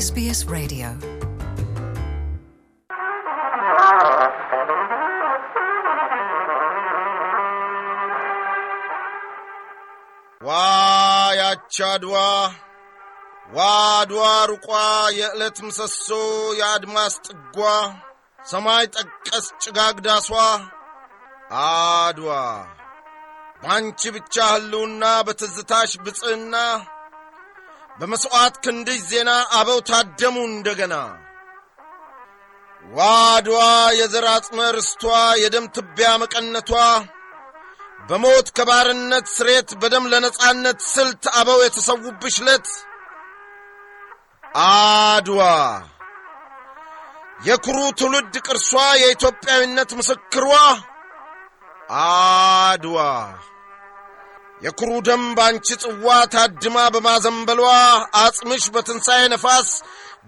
SBS Radio. ዋያቻድዋ ዋድዋ ሩቋ የዕለት ምሰሶ የአድማስ ጥጓ ሰማይ ጠቀስ ጭጋግ ዳሷ አድዋ ባንቺ ብቻ ሕልውና በትዝታሽ ብፅዕና በመሥዋዕት ክንድሽ ዜና አበው ታደሙ እንደገና ዋድዋ የዘር አጽመ ርስቷ የደም ትቢያ መቀነቷ በሞት ከባርነት ስሬት በደም ለነጻነት ስልት አበው የተሰዉብሽ ለት አድዋ የኩሩ ትውልድ ቅርሷ የኢትዮጵያዊነት ምስክሯ አድዋ የኩሩ ደም ባንቺ ጽዋ ታድማ በማዘንበሏ አጽምሽ በትንሣኤ ነፋስ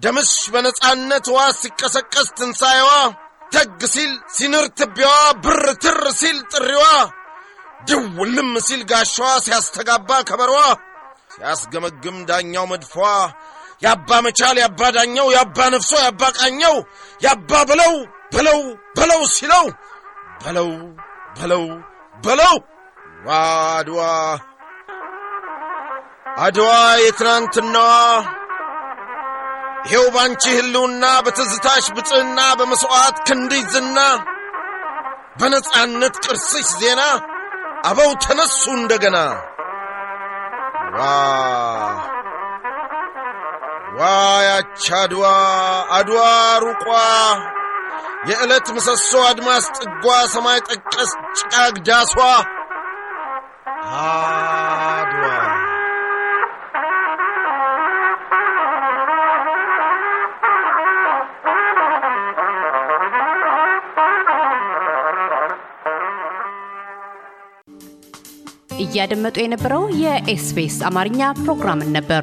ደምሽ በነጻነት ዋ ሲቀሰቀስ ትንሣኤዋ ተግ ሲል ሲንር ትቢያዋ ብር ትር ሲል ጥሪዋ ድውልም ሲል ጋሻዋ ሲያስተጋባ ከበሯ ሲያስገመግም ዳኛው መድፏ ያባ መቻል ያባ ዳኛው ያባ ነፍሶ ያባ ቃኘው ያባ በለው በለው በለው ሲለው በለው በለው በለው አድዋ አድዋ የትናንትናዋ ይኸው ባንቺ ሕልውና በትዝታሽ ብፅዕና በመሥዋዕት ክንድሽ ዝና በነፃነት ቅርስሽ ዜና አበው ተነሱ እንደገና ዋ ዋ ያቻ አድዋ አድዋ ሩቋ የዕለት ምሰሶ አድማስ ጥጓ ሰማይ ጠቀስ ጭቃግ ዳሷ Água. እያደመጡ የነበረው የኤስቢኤስ አማርኛ ፕሮግራምን ነበር።